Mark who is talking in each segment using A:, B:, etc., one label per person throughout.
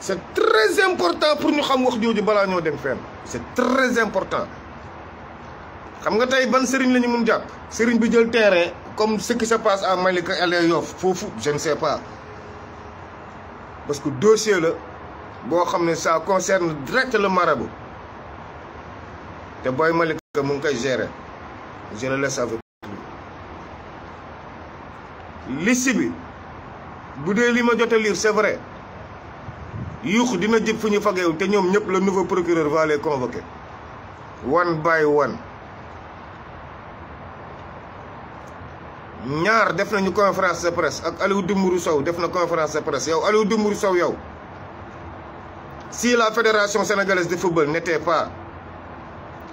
A: C'est très important pour nous xam wax jooju balaa ñoo dem fenn C'est très important xam nga tey ban sëriñ la ñu mun jàpp bi terrain comme ce qui se passe à Malika El Yoff je ne sais pas parce que dossier la ça concerne direct le marabout te booy Malika que Malika koy gérer je le laisse avec lui liste bi bu dee li c'est lire vrai yuux dina djib fuñu ñu té ñom ñëpp le nouveau procureur va les convoquer one by one ñaar def nañu conférence de presse ak Aliou Dembourou Sow def na conférence de presse yow Aliou Dembourou Sow yow si la fédération sénégalaise de football n'était pas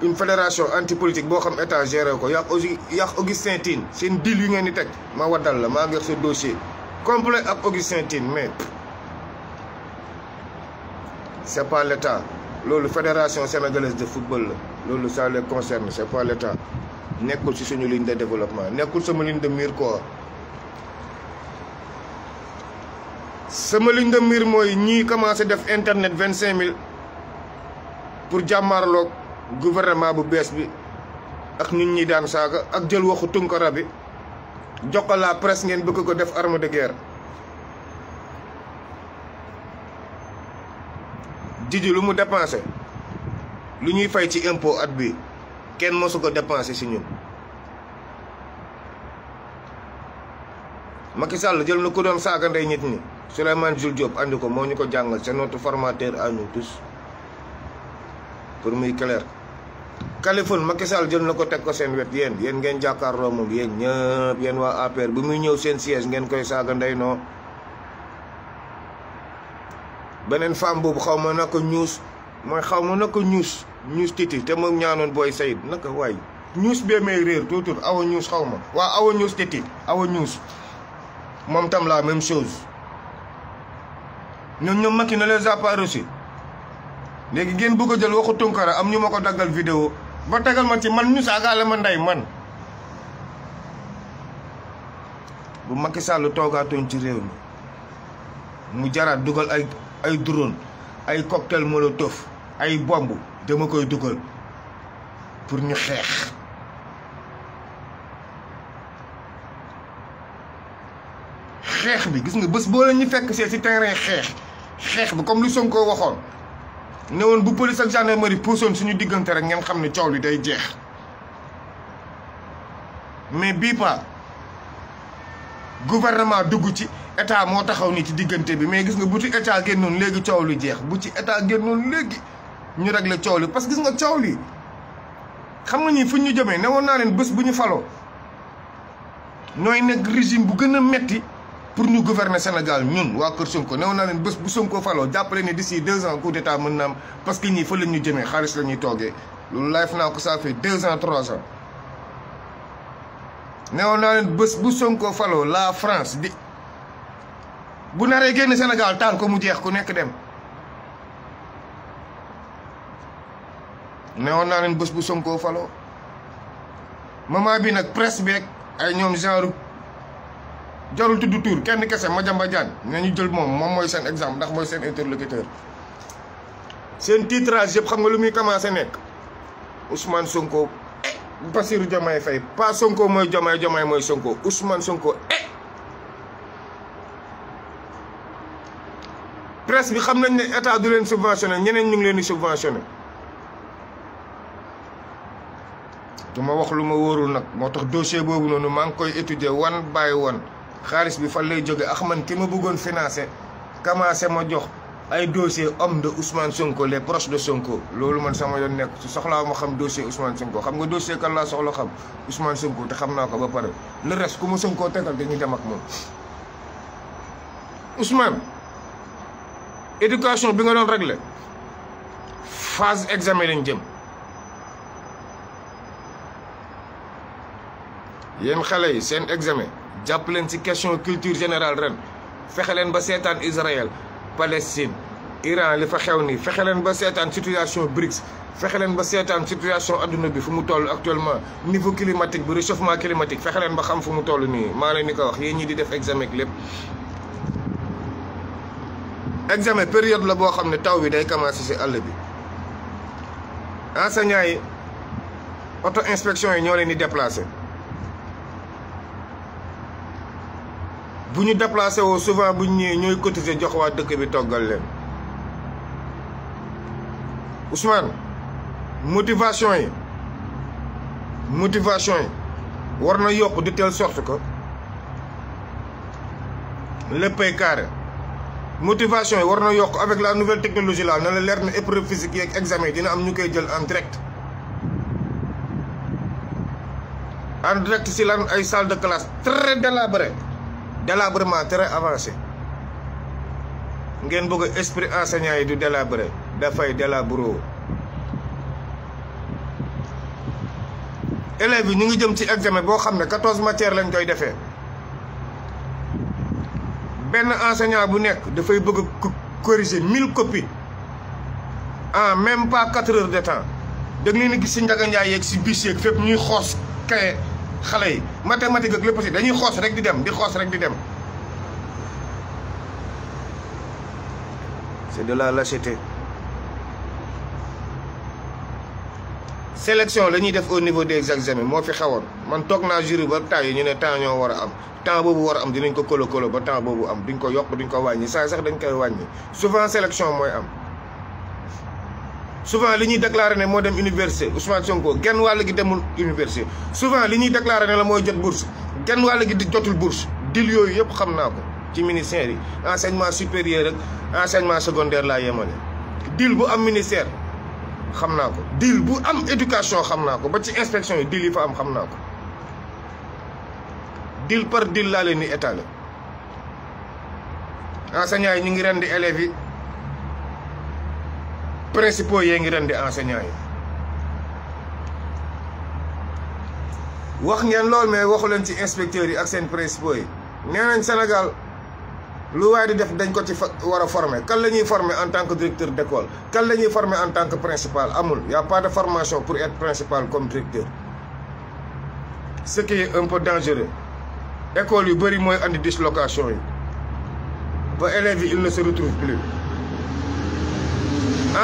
A: une fédération antipolitique bo xam état géré ko yàq aussi yàq Augustin Tine seen deal yu ngeen ni tek ma wadal la ma ce dossier complet ak Augustin Tine mais. c'est pas l'État loolu fédération sénégalaise de football la loolu ça le concerne c'est pas l'État Nekul ci suñu ligne de développement nekul sama ligne de mire quoi sama ligne de mire moy ñi commencé def internet 25000 cinq mille pour jàmmaarloog gouvernement bu bes bi ak nit ñi daan saaga ak jël waxu tunkara bi jox la presse ngeen bëgg ko def arme de guerre Didi lu mu dépenser lu ñuy fay ci impôt at bi kenn su ko dépenser ci ñun Macky Sall jël na ko doon saga ndey nit ni Souleymane Jul Diop andi ko moo ñu ko jàngal c'est notre formateur à nous tous pour muy clair Kaliphone Macky Sall jël na ko tek ko sen wet yeen yeen ngeen jakar moom yeen ñepp yeen wa APR bu muy ñew sen siège ngeen koy saga ndey no beneen femme boobu xaw ma naka ñuus mooy xaw ma naka ñuus ñuus titi te moom ñaanoon booy sayid naka waay ñuus bee may réer tuutur awa ñuus xaw ma waa awa ñuus titi awa ñuus moom tam laa même chose ñoom ñoom Macky ne les a pas reçus léegi ngeen bëgg a jël waxu Tunkara am ñu ma ko daggal vidéo ba tagal ma ci man ñu saagaale ma ndey man bu makki Sall toogaatoon ci réew mi mu jaraat dugal ay ay drone ay cocktail molotov ay bomb dama koy dugal pour ñu xeex xeex bi gis nga bés boo leen ñu fekk see ci terrain xeex xeex bi comme lu Sonko waxoon ne woon bu police ak gendarmerie posoon suñu diggante rek ngeen xam ne coow li day jeex mais bii pa gouvernement dugg ci état moo taxaw ni ci diggante bi mais gis nga bu ci état génnoon léegi coow li jeex bu ci état génnoon léegi ñu réglé coow li parce que gis nga coow li xam nga ni fu ñu jëmee ne woon naa leen bés bu ñu faloo ñooy nekk régime bu gën a metti pour ñu gouverner Sénégal ñun waa Kër Sonko ne woon naa leen bés bu Sonko faloo jàppale ne d'ici deux ans coup d'état mën na parce que ñii fa la ñu jëmee xaalis la ñuy toogee loolu life naa ko ça fait deux ans trois ans ne woon naa leen bés bu Sonko faloo la France di. bu naree génn Sénégal taal ko mu jeex ku nekk dem ne newoon naa leen bés bu Sonko faloo moment bii nag presse beeg ay ñoom genre jarul tudd tur kenn kese ma Madiambal Diagne ne ñu jël moom moom mooy seen exemple ndax mooy seen interlocuteur seen titrage yëpp xam nga lu muy commencé nekk Ousmane Sonko eh, Bassirou Diomaye Faye pas Sonko mooy Diomaye Diomaye mooy Sonko Ousmane Sonko eh. presse bi xam nañ ne état du leen subventionné ñeneen ñu ngi leen di subventionné du ma wax lu ma wóorul nag moo tax dossier boobu noonu maa ngi koy étudier wan bàyyi wan xaalis bi fan lay jóge ax man ki ma bëggoon financé commencé ma jox ay dossier homme de Ousmane Sonko les proches de Sonko loolu man sama yoon nekk ci soxlaa ma xam dossier Ousmane Sonko xam nga dossier kan laa soxla xam Ousmane Sonko te xam naa ko ba pare le reste ku ma Sonko tegal dañuy dem ak moom Ousmane. éducation bi nga doon régler phase examen lañ jëm yéen xalé yi seen examen jàpp leen ci question culture générale ren fexe leen ba sétane Israël Palestine Iran li fa xew nii fexe leen ba sétane situation BRICS fexe leen ba sétane situation aduna bi fu mu toll actuellement niveau climatique bi réchauffement climatique fexe leen ba xam fu mu toll nii maa leen ni ko wax yéen ñi di def examen lépp examen période la bo xam taw bi day commencé ci àll bi enseignants yi auto inspection yi ñoo leen di déplacer bu ñu déplacé woo souvent bu ñu ñëwee ñooy cotiser jox wa dëkk bi togal leen Ousmane motivation yi motivation yi war na yokk de telle sorte que le léppay carré. motivation yi war na yokk avec la nouvelle technologie la na la leer na épreuve physique yeeg examen dina am ñu koy jël en direct en direct si lan ay salle de classe très délabré délabrement très avancé ngeen bëgg esprit enseignant yi du délabré dafay délabro élèves yi ñu ngi jëm ci examen boo xam ne quatorze matières lañ koy defee benn enseignant bu nekk dafay bëgg a corriger mille copies en même pas quatre heures de temps da leen gis si Ndiaga Ndiaye yeeg si bis yeeg fépp ñuy xoos kaye xale yi mathématique ak lépp si dañuy xoos rek di dem di xoos rek di dem. c'est de la lâcheté. sélection la def au niveau des examens mo fi xawoon man tok na jury ba tay ñu né temps ñoo wara a am temps bobu wara a am dinañ ko kolo kolo ba temps bobu am duñ ko yok duñ ko wañi saa sax dañ koy wañi souvent sélection moy am. souvent li ñuy déclarer né mo dem université Ousmane Sonko genn wàll gi demul université souvent li ñuy déclarer né la moy jot bourse genn wàll gi di jotul bourse dil yoyu yëpp xamna ko ci ministère enseignement supérieur ak enseignement secondaire la yemale dil bu am ministère. xam naa ko deal bu am éducation xam naa ko ba ci inspection yi deal yi fa am xam naa ko dil par dil laa leen di étaler enseignants yi ñu ngi rendi élèves yi principaux yee ngi rendi enseignants yi wax ngeen loolu mais waxu leen ci inspecteurs yi ak seen principaux yi nee Sénégal lu way di def dañ ko ci wara former kan lañuy former en tant que directeur d'école kan lañuy former en tant que principal amul y' a pas de formation pour être principal comme directeur ce qui est un peu dangereux école yu bari moy andi dislocation yi ba élève il ne se retrouve plus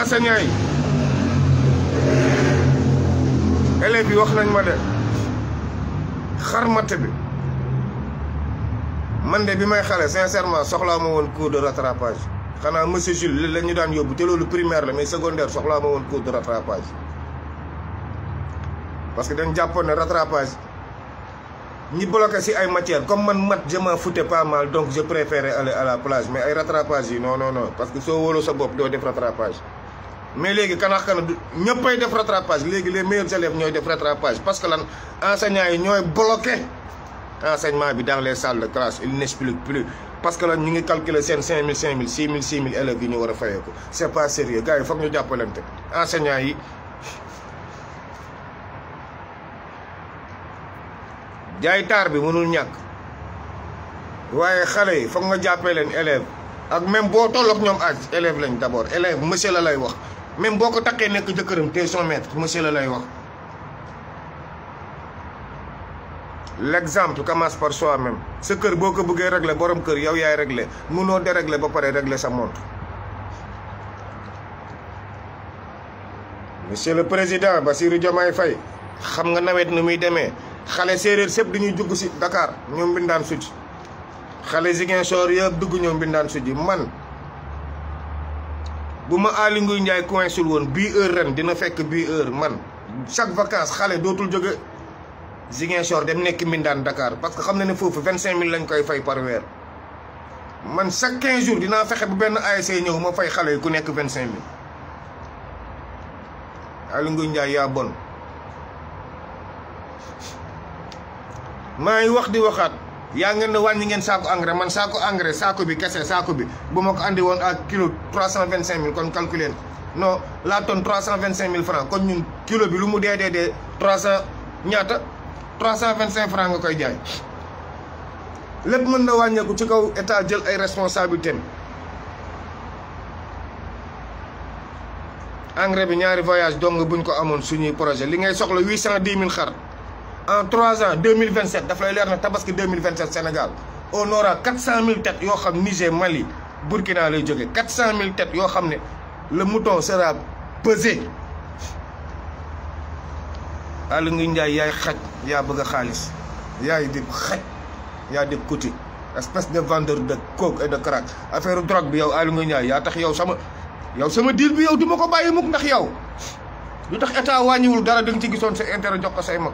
A: enseignant yi élèves yi wax nañ ma de xarmaté bi man de bi may xalé sincèrement soxla ma won cours de rattrapage xana monsieur Jules lañu daan yobbu té lolu primaire la mais secondaire soxla ma won cours de rattrapage parce que dañ jappone rattrapage ni bloqué ci ay matière comme man mat je m'en foutais pas mal donc je préférais aller à la plage mais ay rattrapage yi non non non parce que so wolo sa bop do def rattrapage mais légui kan kana kan ñeppay def rattrapage légui les meilleurs élèves ñoy def rattrapage parce que lan enseignants yi ñoy bloqué enseignement dans les salles de classe, il n'expliquent plus. Parce que nous avons 5 000, 5 000, 6 000, 6 000 élèves qui nous ont fait. C'est pas sérieux. Gars, il faut que nous nous Enseignants, ils. Il y a des gens qui nous ont fait. Il faut que nous nous les élèves. même si nous sommes élèves d'abord, élèves, monsieur Lalaïwa. Même si nous sommes élèves, nous sommes son maître, monsieur l'exemple commence par soi-même sa kër boo ko bëggee régler borom kër yow yaay régler munoo dérégler ba pare régler sa montre monsieur le président ba Bassirou Diomaye fay xam nga nawet nu muy demee xale séeréer sëpp dañuy jugg si dakaar ñoom mbindaan sujj xale Ziguinchor yëpp dugg ñoom mbindaan sujj man bu ma Aly Ngouille Ndiaye coinsul woon bii heure ren dina fekk bii heure man chaque vacance xale dootul jóge Ziguinchor dem nek Mindan Dakar parce que xamna ni fofu 25000 lañ koy fay par wèr man chaque 15 jours dina fexé bu ben ASC ñew ma fay xalé ku nek 25000 cinq mille Ndiaye bon may wax di waxat ya ngeen ne wañ ngeen sako engrais man sako engrais sako bi kessé sako bi bu mako andi won ak kilo 325.000 kon calculer non la tonne 325000 francs franc kon ñun kilo bi lu mu dédé dé 300 ñata trois cent vingt cinq franc nga koy jaay lépp mën na wàññeeku ci kaw état jël ay responsabilités engrais bi ñaari voyage dong buñ ko amoon suñuy projet li ngay soxla huit cent dix mille xar en trois ans deux mille vingt sept daf lay leer na tabaski deux mille vingt sept Sénégal on aura quatre cent mille yoo xam Niger Mali Burkina lay jóge quatre cent mille têtes yoo xam ne le mouton sera pesé Aly Ngouille Ndiaye yaay xaj yaa bëgg a xaalis yaay di xaj yaa di kuti espèce de vendeur de coke et de crack affaire drogue bi yow Aly Ngouille Ndiaye yaa tax yow sama yow sama diir bi yow du ko bàyyi mukk ndax yow lu tax état wàññiwul dara da nga ci gisoon sa intérêt jox ko say mag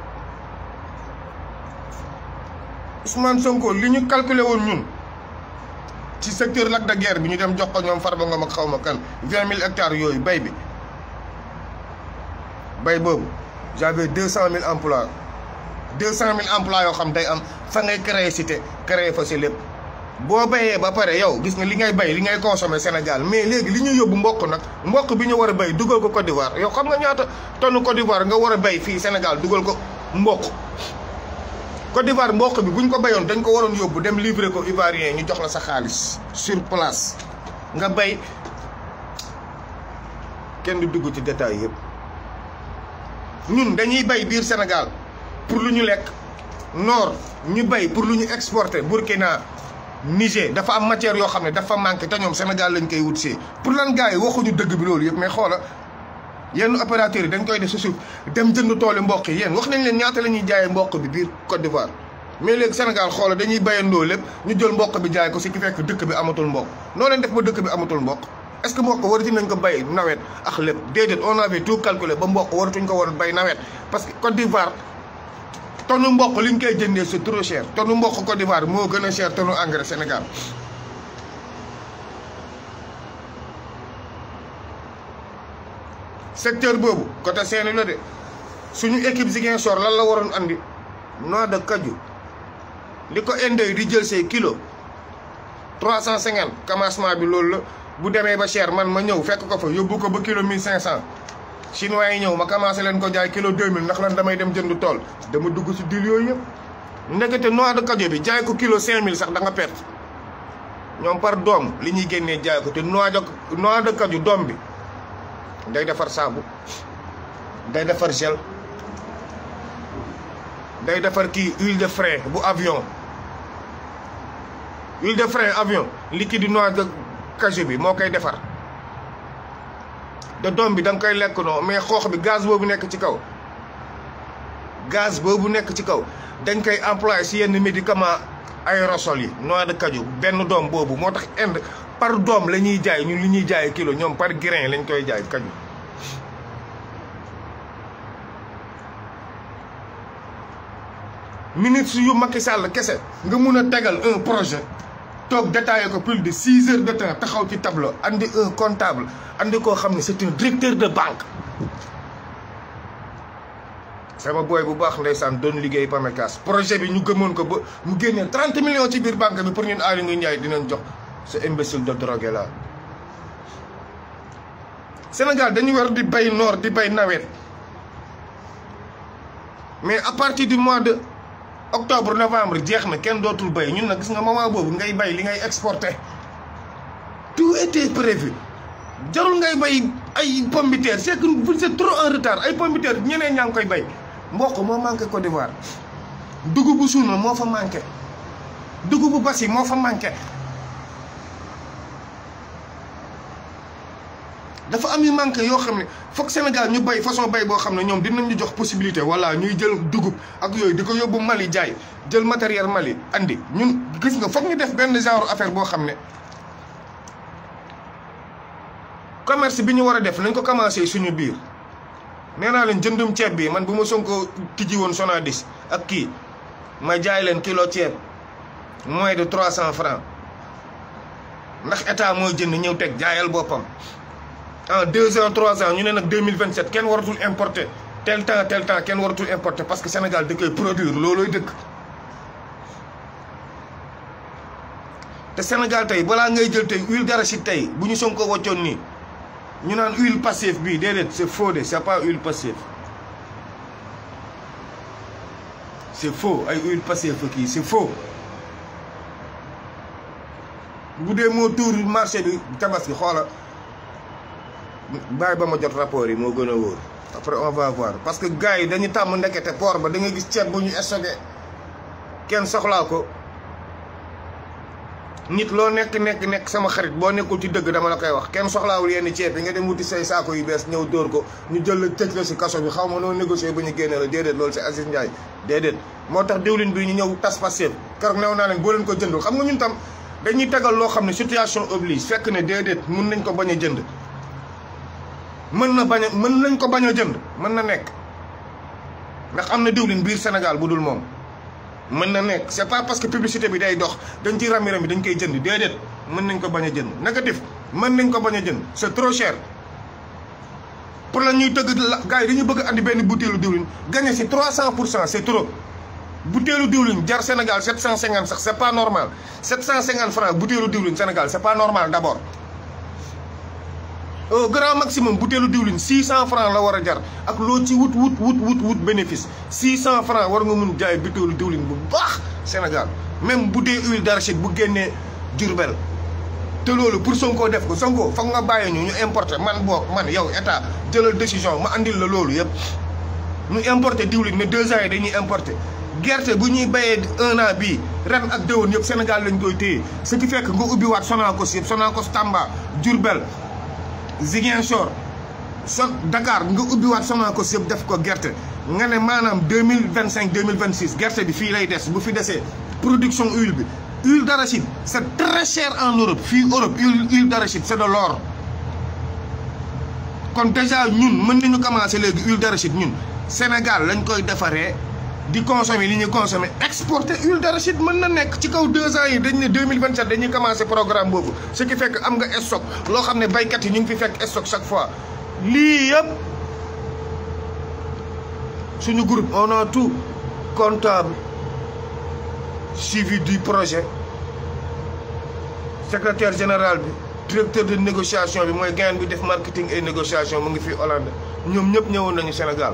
A: Ousmane Sonko li ñu calculé woon ñun ci secteur Lac de Guiers bi ñu dem jox ko ñoom Farba Ngom ak xaw ma kan vingt mille yooyu bay bi bay boobu j'avais deux cent mille emplois deux cent mille emplois yoo xam day am fa ngay créer cité créer fa si lépp boo bayee ba pare yow gis nga li ngay bay li ngay consommer Sénégal mais léegi li ñuy yóbbu mboq nag mboq bi ñu war a bay dugal ko Côte d'Ivoire yow xam nga ñaata tonne Côte d'Ivoire nga war a béy fii Sénégal dugal ko mboq Côte d'Ivoire mboq bi bu ñu ko bayoon dañ ko waroon yóbbu dem livrer ko Ivoirien ñu jox la sa xaalis sur place nga bay kenn du dugg ci détail yëpp ñun dañuy bay biir Sénégal pour lu ñu lekk noor ñu bay pour lu ñu exporter Burkina Niger dafa am matière yoo xam ne dafa manqué te ñoom Sénégal lañ koy wut see pour lan gars yi waxuñu dëgg bi loolu yëpp mais xoola yenn opérateurs yi dañ koy def sa dem jënd toolu mboq yi wax nañ leen ñaata la ñuy jaayee mboq bi biir Côte d'Ivoire mais léegi Sénégal xoola dañuy bayandoo lépp ñu jël mboq bi jaay ko si ki fekk dëkk bi amatul mboq noo leen def ba dëkk bi amatul mboq est ce que mbokk waratuñ nañ ko bay nawet ak lepp dedet on avait tout calculé ba mbokk waratuñ ko war bay nawet parce que Côte d'Ivoire tonu mbokk liñ koy jëndé c'est trop cher tonu mbokk Côte d'Ivoire mo gëna cher tonu engrais Sénégal secteur boobu côté seeni la dé suñu équipe sor lan la waron andi no de kaju liko ko di jël say kilos 350 commencement bi lolou bu démé ba cher man ma ñëw fekk ko fa yobbu ko ba kilo 1500 chinois yi ñëw ma commencé leen ko jaay kilo 2000 nak lan damay dem jënd tool dama dugg ci dil yoy yëp ndekete noix de cajou bi jaay ko kilo 5000 sax da nga perte ñom par dom li ñi génné jaay ko té noix de noix de cajou dom bi day défar sabu day défar gel day défar ki, huile de frein bu avion huile de frein avion liquide noix de caju bi moo koy defar da doom bi da nga koy lekk noo mais xoox bi gaz boobu nekk ci kaw gaz boobu nekk ci kaw dañ koy employé si yenn médicament aérosol yi noix de cajou benn doom boobu moo tax Inde par doom la ñuy jaay ñun li ñuy jaay kilo ñoom par grain lañ koy jaay cajou minutes yu Macky Sall kese nga mun a tegal un projet tok détaillé ko plus de 6 heures de temps taxaw ci tableau andi un comptable andi ko xam c'est un directeur de banque sama booy bu baax ndeysaan doon liggéey PAMECAS projet bi ñu gëmone ko mu gënné 30 millions ci bir banque bi pour ñun Aly Ngouille ñay dinañ jox ce imbécile de drogué là Sénégal dañu war di bay Nord, di bay nawet mais à partir du mois de octobre novembre jeex na kenn dootul bay ñun na gis nga moment boobu ngay bay li ngay exporté tout était prévu jarul ngay bay ay pomme de terre c'est trop en retard ay pomme de ñeneen ñaa ngi koy bay mboq moo manqué Côte d'Ivoire dugubu suuna moo fa manqué dugubu basi moo fa manqué dafa am yu manke yo xamne fokk senegal ñu bay façon bay bo xamne ñom dinañ ñu jox possibilité wala ñuy jël dugub ak yoy di ko Mali jaay jël matériel Mali andi ñun gis nga fokk ñu def ben genre affaire bo xamne commerce bi ñu war def nañ ko commencer suñu biir nee naa leen jëndum ceeb bi man buma sonko Sonko won sona Sonadis ak ki ma jaay leen kilo ceeb moins de 300 francs ndax état moy jënd ñew tek jaayal bopam en deux ans, trois ans, nous sommes en 2027, qui ne doit importer tel temps, tel temps, qui ne doit importer parce que le Sénégal de produire, c'est ce que Le Sénégal, si vous avez de l'huile d'arachide, si nous sommes encore en train nous avons l'huile passive, c'est faux, ce n'est pas l'huile passive. C'est faux, l'huile passive, c'est faux. Si vous avez un tour du marché, vous avez un tabasque, voilà. bàyyi ba ma jot rapport yi moo gën a wóor après on va voir parce que gars yi dañu tàmm ndekete port ba da nga gis ceeb bu ñu stocké kenn soxlaa ko nit loo nekk nekk nekk sama xarit boo nekkul ci dëgg dama la koy wax kenn soxlaawul yenn ceeb yi nga dem wuti say saako yi bees ñëw dóor ko ñu jël la tëj la si kaso bi xaw ma noo négocier ba ñu génne la déedéet loolu si Aziz Ndiaye déedéet moo tax diwlin bi ñu ñëw tas passeeb keroog new naa leen boo leen ko jëndul xam nga ñun tam dañuy tegal loo xam ne situation oblige fekk ne déedéet mun nañ ko bañ a jënd mën na bañ mën lañ ko bañ jënd mën na nekk nga am diwlin biir Sénégal bu dul moom mën na nekk c'est pas parce que publicité bi day dox dañ ci rami rami dañ koy jënd déedéet mën nañ ko bañ jënd négatif mën nañ ko bañ jënd c'est trop cher pour la ñuy tëgg gaay dañu bëgg andi benn bouteille diwlin gagné ci 300 c'est trop bouteille diwlin jar Sénégal 750 sax c'est pas normal 750 francs bouteille diwlin Sénégal c'est pas normal d'abord au euh, grand maximum butéelu diwlin 600 francs la war a jar ak loo ci wut wut wut wut wut bénéfice 600 francs war nga mun jaay butéelu diwlin bu baax Sénégal même bu dee huile d'arachide bu génnee Diourbel te loolu pour Sonko def ko Sonko foog nga bàyyi ñu ñu importer man boo man yow état jëlal décision ma andil la loolu yëpp ñu importe diwlin ne deux ans yi dañuy importer gerte bu ñuy bayee un an bii ren ak déwén yëpp Sénégal lañ koy téye ce qui fekk nga ubbi waat Sonacos yëpp Sonacos Tamba Diourbel Ziguinchor so Dakar nga ubbiwaat Sonacos yëpp def ko gerte nga ne maanaam deux mille vingt cinq deux mille vingt six gerte bi fii lay des bu fi desee production huile bi huile d'arachide c'est très cher en Europe fii Europe huile huile d'arachide c'est de kon déjà ñun mën nañu commencer léegi huile d'arachide ñun Sénégal lañ koy defaree. di consommer li ñu consommer exporter huile d'arachide mën na nekk ci kaw deux ans yi dañ ne deux mille vingt sept dañuy commencer programme boobu ce qui fait que am nga stock loo xam ne baykat yi ñu ngi fi fekk stock chaque fois lii yëpp suñu groupe on a tout comptable suivi di projet secrétaire général bi directeur de négociation bi mooy gain bi def marketing et négociation mu ngi fi Hollande ñoom ñëpp ñëwoon nañu Sénégal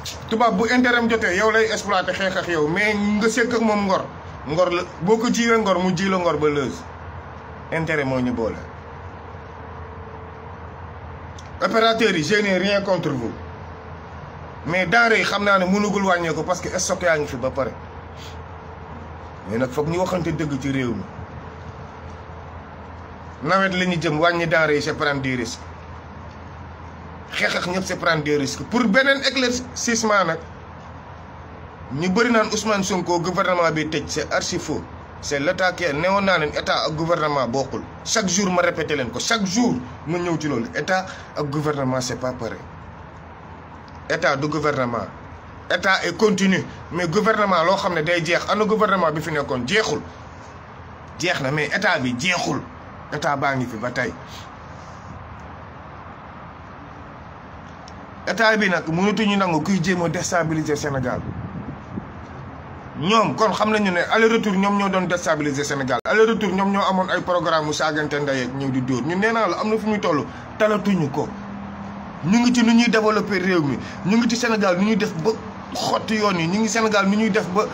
A: tubaab bu intérêt am jotee yow lay exploité xeex ak yow mais nga sekk ak moom ngor ngor la boo ko jiwee ngor mu ji la ngor ba lëz intérêt moo ñu boole. opérateurs yi je n'ai rien contre vous mais denrée yi xam naa ne mënugul wàññeeku parce que stock yaa ngi fi ba pare mais nag foog ñu waxante dëgg ci réew mi nawet la ñu jëm wàññi denrée yi c'est prendre xeex ak ñëpp c'est prendre des pour beneen éclaircissement nag ñu bëri naan Ousmane Sonko gouvernement bi tëj c'est archi faux c'est l'état qui newoon naa leen état ak gouvernement bokkul chaque jour ma répété leen ko chaque jour ma ñëw ci loolu état ak gouvernement c'est pas pareil état du gouvernement état est continu mais gouvernement loo xam ne day jeex ana gouvernement bi fi nekkoon jeexul jeex na mais état bi jeexul état baa ngi fi ba tey état bi nag mënatuñu nangu kuy jéem a déstabiliser Sénégal ñoom kon xam nañu ne aller retour ñoom ñoo doon déstabiliser Sénégal aller retour ñoom ñoo amoon ay programme mu saagante ndey ak ñëw di dóor ñu nee la am na fu muy toll talatuñu ko ñu ngi ci nu ñuy développer réew mi ñu ngi ci Sénégal nu ñuy def ba xotti yoon yi ñu ngi Sénégal nu ñuy def ba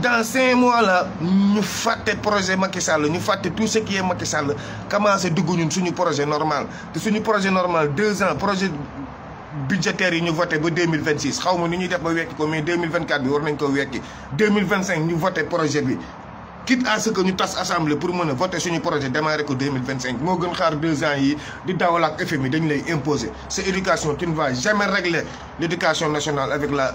A: dans ces mois là nous ñu le projet Macky Sall nous faisons tout ce qui est Macky Sall commencé dugg ñun suñu projet normal ce suñu projet normal deux ans projet budgétaire nous ñu pour 2026. deux mille vingt six xaw nous ñuy def ba mais nous avons nous bi war projet quitte à ce que nous tas assemblée pour nous voter voter suñu projet démarrer pour 2025 Nous avons deux ans yi avons imposé FMI lay imposé. c'est éducation tu ne vas jamais régler l'éducation nationale avec la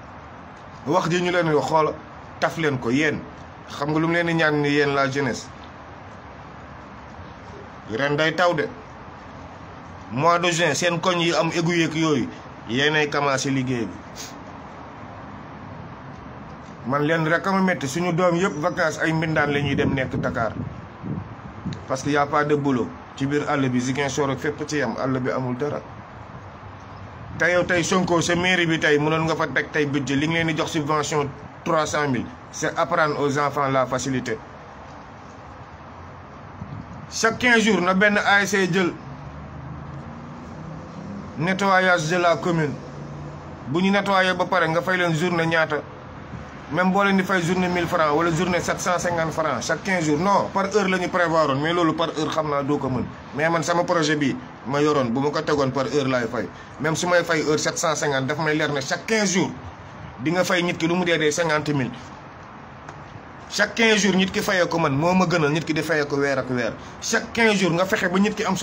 A: wax ji ñu leen di wax xoola taf leen ko yéen xam nga lu mu leen di ñaan ni yéen laa jeunesse ren day taw de mois de juin seen koñ yi am égu yeeg yooyu ay commencé liggéey bi man leen rek a ma métti suñu doom yëpp vacances ay mbindaan la ñuy dem nekk Dakar parce que y a pas de ci biir àll bi Ziguinchor ak fépp ci yam àll bi amul dara. tay yow tey Sonko sa mairie bi tay mënoon nga fa tek tay budget li ngi leen jox subvention 300 000, c'est apprendre aux enfants la facilité chaque 15 jours na ben ASC jël nettoyage de la commune buñu nettoyer ba pare nga fay leen journée ñaata même boo leen di fay journée 1000 francs wala journée 750 francs chaque 15 jours non par heure la ñu prévoir woon mais loolu par heure xam naa doo ko mën mais man sama projet bi ma yoroon bu ma ko tegoon par heure laay fay même su may fay heure 750 daf may leer ne chaque 15 jours di nga fay nit ki lu mu dee dee 50 000 chaque 15 jours nit ki fayee ko man moo ma gënal nit ki di fayee ko weer ak weer chaque 15 jours nga fexe ba nit ki am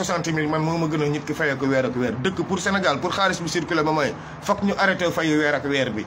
A: moo ma gënal fayee ko weer ak dëkk pour Sénégal pour xaalis bi circuler ba mooy foog ñu arrêté fayu weer bi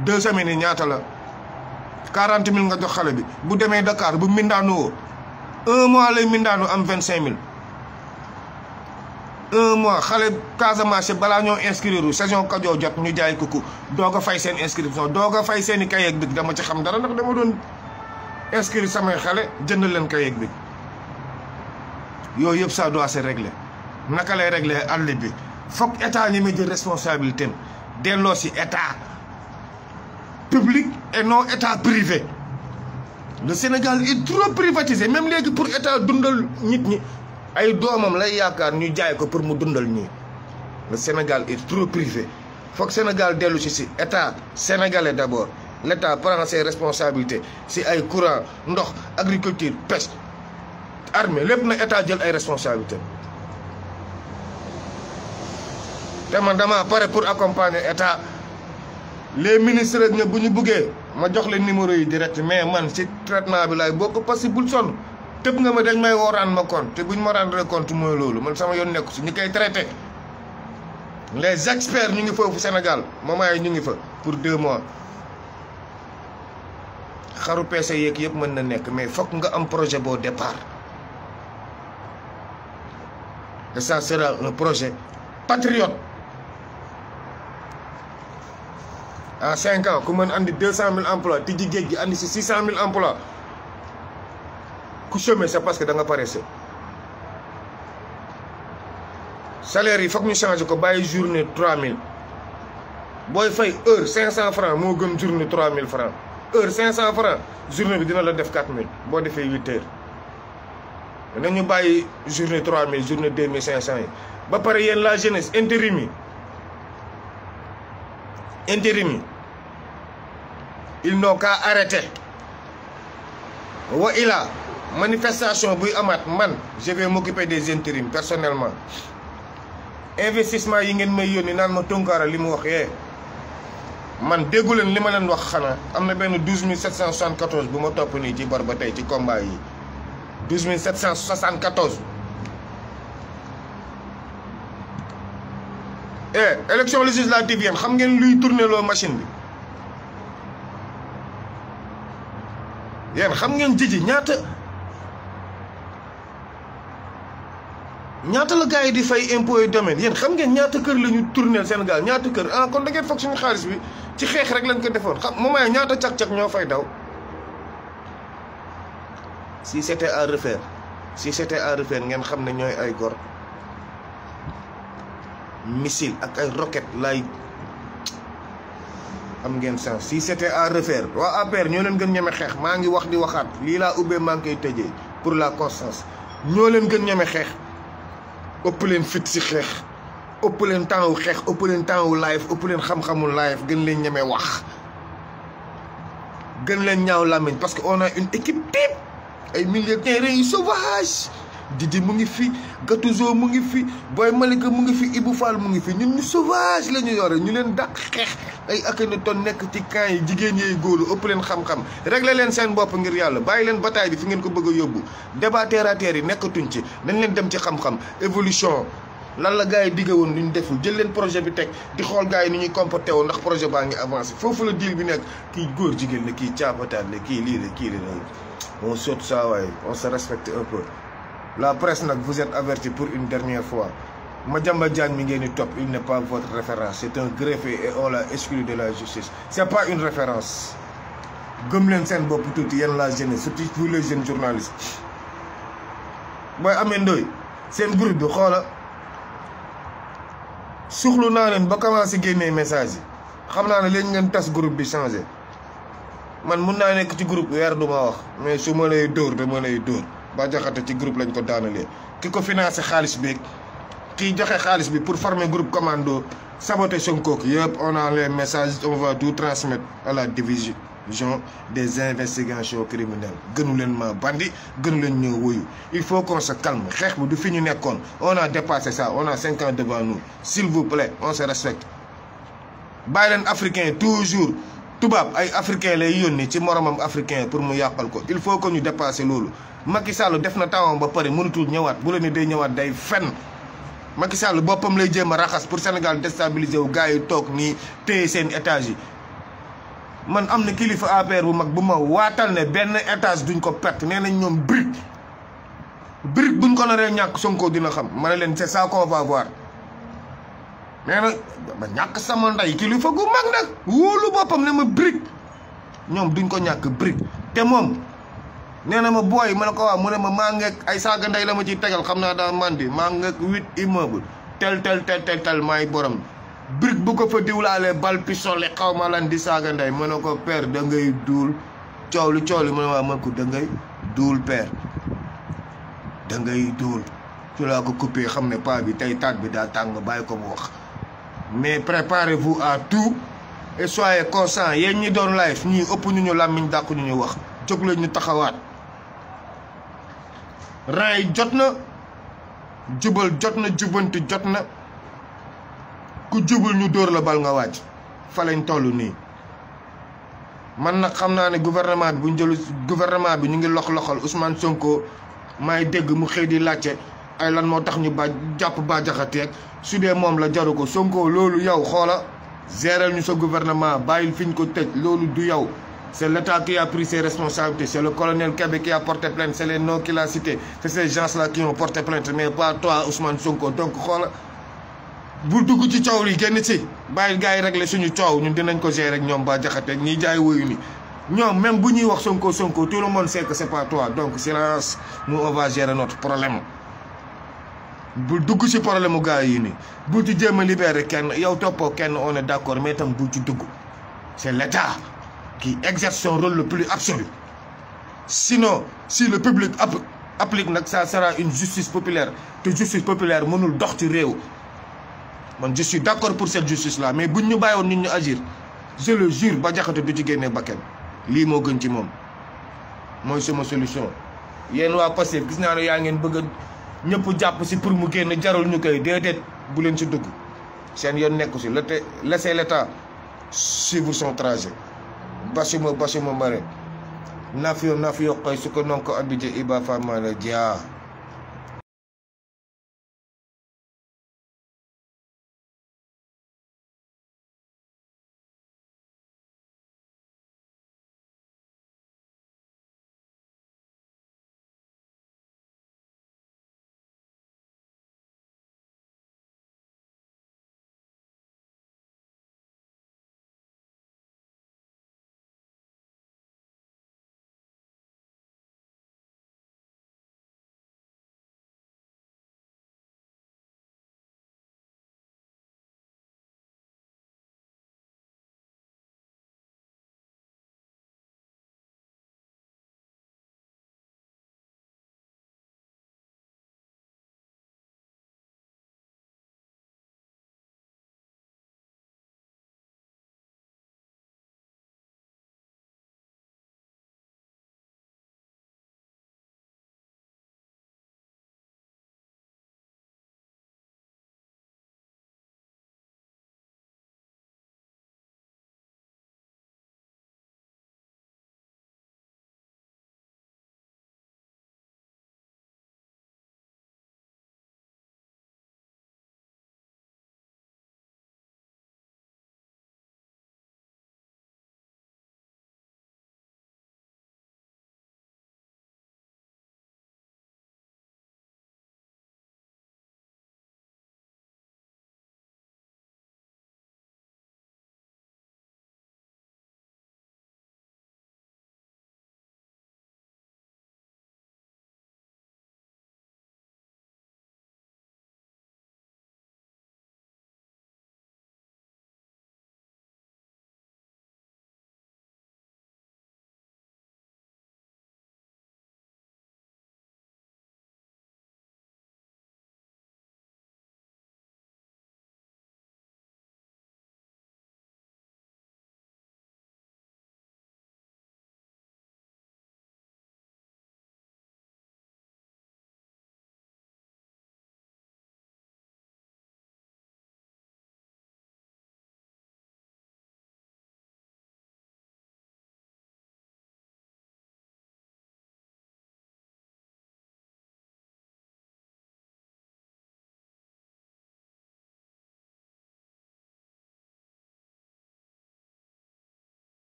A: deux semaines yi ñaata la quarante mille nga jox xale bi bu demee dakaar bu mindaanu woo un mois lay mindaanu am vingt cinq mille mois xale Casamance balaa ñoo inscrire saison Kajoor jot ñu jaay kuku doog a fay seen inscription doog a fay seen i kayeeg bi dama ci xam dara ndax dama doon inscrire samay xale jënd leen kayeeg bi yooyu yëpp ça doit se régler naka lay régler àll bi foog état ñi ma jël responsabilité delloo si état. public et non état privé le Sénégal est trop privatisé même les pour état dundal nit ñi ay domam lay yakar ñu jaay ko pour mu dundal ni. le Sénégal est trop privé Faut que Sénégal délu ci État, état sénégalais d'abord l'état prend ses responsabilités si ay courant ndox agriculture pêche armée L'état na état jël ay responsabilités te à pour accompagner état les ministre ña bu ñu buggee ma jox leen numéro yi direct mais man ci traitement bi laay bokk parce que bul sonn tëb nga ma dañ may woo rendre ma compte te bu ñu ma rendre compte mooy loolu man sama yoon nekk si ñu koy traité. les experts ñu ngi foofu senegal moment yi ñu ngi fa pour deux mois xaru pese yeeg yëpp mën na nekk mais fokk nga am projet boo départ et ça sera un projet patriote. en cinquant ans ku mën andi deux cent mille emplois tijji géej gi andi si six cent mille emplois ku chômer c'est parce que da nga paresseux salaire yi foog ñu changer ko bàyyi journée trois mille booy fay heure cinq cent francs moo gën journée trois mille francs heure cinq cent francs journée bi dina la def quatre mille boo defee huit heures nañu bàyyi journée trois mille journée deux mille cinq cent ba pare yéen la jeunesse intérim yi intérim yi ils n'ont qu'à arrêter wa ila manifestation buy Amat, man je vais m'occuper des intérims personnellement investissement yi y may yónni naan ma Tounkara li mu de man déggu leen li Il y wax 12 774 bu ma topp nii ci bor ci combat 12 774. eh élection législative yéen xam ngeen luy tourner loo machine yéen xam ngeen jiji ñaata ñaata la gars yi di fay impôt et domaine yéen xam ngeen ñaata kër la ñu tourneel Sénégal ñaata kër ah kon da ngeen foog suñu xaalis bi ci xeex rek lañ ko defoon xam moom ay ñaata cag-cag ñoo fay daw si c'était à refaire si c'était à refaire ngeen xam ne ñooy ay gor missile ak ay roket laay am ngeen sens si c'était à refaire waa APR ñoo leen gën ñeme xeex maa ngi wax di waxaat lii laa ubbee maa ngi koy tëjee pour la constance ñoo leen gën ñeme xeex ëpp leen fit si xeex ëpp leen temps wu xeex ëpp leen temps wu live ëpp leen xam-xamul live gën leen ñeme wax gën leen ñaaw làmmiñ parce que on a une équipe type ay militaires yu sauvage Didi mu ngi fi Gatouzo mu ngi fi Boy Malika mu ngi fi Ibou Fall mu ngi fi ñun ñu sauvage la ñu yore ñu leen dàq xeex ay Akhenaton nekk ci camp yi jigéen yeey góor ëpp leen xam-xam réglé leen seen bopp ngir yàlla bàyyi leen bataille bi fi ngeen ko bëgg a yóbbu débat terre yi nekkatuñ ci nañ leen dem ci xam-xam évolution lan la gars yi digge woon lu ñu deful jël leen projet bi teg di xool gaa yi ni ñuy comporté woon ndax projet baa ngi avancé foofu la deal bi nekk kii góor jigéen la kii caabataan la kii lii la kii la on saute ça waaye on se respecte un peu la presse vous êtes averti pour une dernière fois Madiamba Diagne mi top, il n'est pas votre référence c'est un greffé et on l'a exclu de la justice c'est pas une référence gëm Sen seen bopp tuuti la jeunesse surtout pour les jeunes journalistes Oui, amee C'est un groupe quoi xoola suxlu naa leen ba commencé génnee message yi xam naa ne leen tas groupe bi changer. man ne naa pas ci groupe de du mais su ma lay dóor dama lay ba jaxate ci groupe lañ ko daanalee kiko financer financé bi kii joxe xaalis bi pour former groupe commando saboter Sonko yeb on a les messages on va tout transmettre à la division des investigations criminelles gënu leen ma bandi gënu leen ñëw il faut qu'on se calme xex bi du fiñu ñu on a dépassé ça on a cinq ans devant nous s'il vous plaît on se respecte bàyyi leen africain toujours tubaab ay africain lay yónni ci moromam africain pour mu yakal ko il faut que ñu dépasser lolu Macky Sall def na tawam ba paré mënutul ñëwaat bu leen Makisalo ñëwaat day fenn Macky Sall bopam lay jëm raxas pour Sénégal déstabiliser wu gaay yi toog nii téye étage yi man am kilifa APR bu mag bu ma watal ne ben étage duñ ko pert né nañ ñom brick brick buñ ko naré ñak Sonko dina xam ma leen c'est ça qu'on va voir nee ba ñak sama nday kilifa gu mag nak wolu bopam ne ma brick ñom duñ ko ñak brick te mom nee na ma booy mën ne ko waaw mu ne ma maa ngeeg ay saaga la ma ciy tegal xam naa daa mandi maa ngeeg huit immeuble tel tel tel tel tel maay borom brique bu ko fa diwlaalee bal pistolet xaw ma lan di saaga ndey a ne ko père da ngay duul coow li coow li ma ne waaw man ko da ngay duul père da ngay duul ci laa ko coupé xam ne paa bi tey taat bi daal tàng bàyyi ko mu wax mais préparez-vous à tout et soyez conscient yéen ñi doon live ñii ëpp ñu ñu làmmiñ dàq ñu ñu wax jóg leen ñu taxawaat ray jot na jubal jot na jubanti jot na ku jubul ñu dóor la bal nga wàcc fa lañ toll nii man na xam naa ne gouvernement bi bu ñu jëlu gouvernement bi ñu ngi lox loxal Ousmane Sonko may dégg mu xëy di laajte ay lan moo tax ñu ba jàpp ba jaxateeg su dee moom la jaru ko Sonko loolu yow xoola géral ñu sa gouvernement bàyyil fiñ ko tëj loolu du yow C'est l'État qui a pris ses responsabilités. C'est le colonel Kébé qui a porté plainte. C'est les noms qu'il a cités. C'est ces gens-là qui ont porté plainte. Mais pas toi, Ousmane Sonko. Donc, voilà. bul dugg ci coow li génn ci bàyyi gars yi réglé suñu coow ñun dinañ ko gérer ak ñoom ba jaxate ak ñiy jaay woyu ni ñoom même bu ñuy wax Sonko Sonko tout le monde sait que c'est pas toi donc silence nous on va gérer notre problème bul dugg ci problème mu gars yi nii bul ci jéem a libérer kenn yow toppoo kenn on est d'accord mais itam bul ci dugg c'est l'État qui exerce son rôle le plus absolu. Sinon, si le public applique ça sera une justice populaire Que justice populaire mënul dox ci réew man je suis d'accord pour cette justice là mais si nous bàyyoon nit ñu agir je le jure ba jaxate du ci génnee bakkan lii moo gën ci moom mooy sama solution Il y a gis naa ne yaa ngeen bëgg vous ñëpp jàpp si pour mu génn jarul ñu koy déedéet bu leen si dugg seen yoon nekku si laissez l'État suivre son trajet basuma basuma mare nafiyo nafiyo koy suko non ko abide iba famala jaa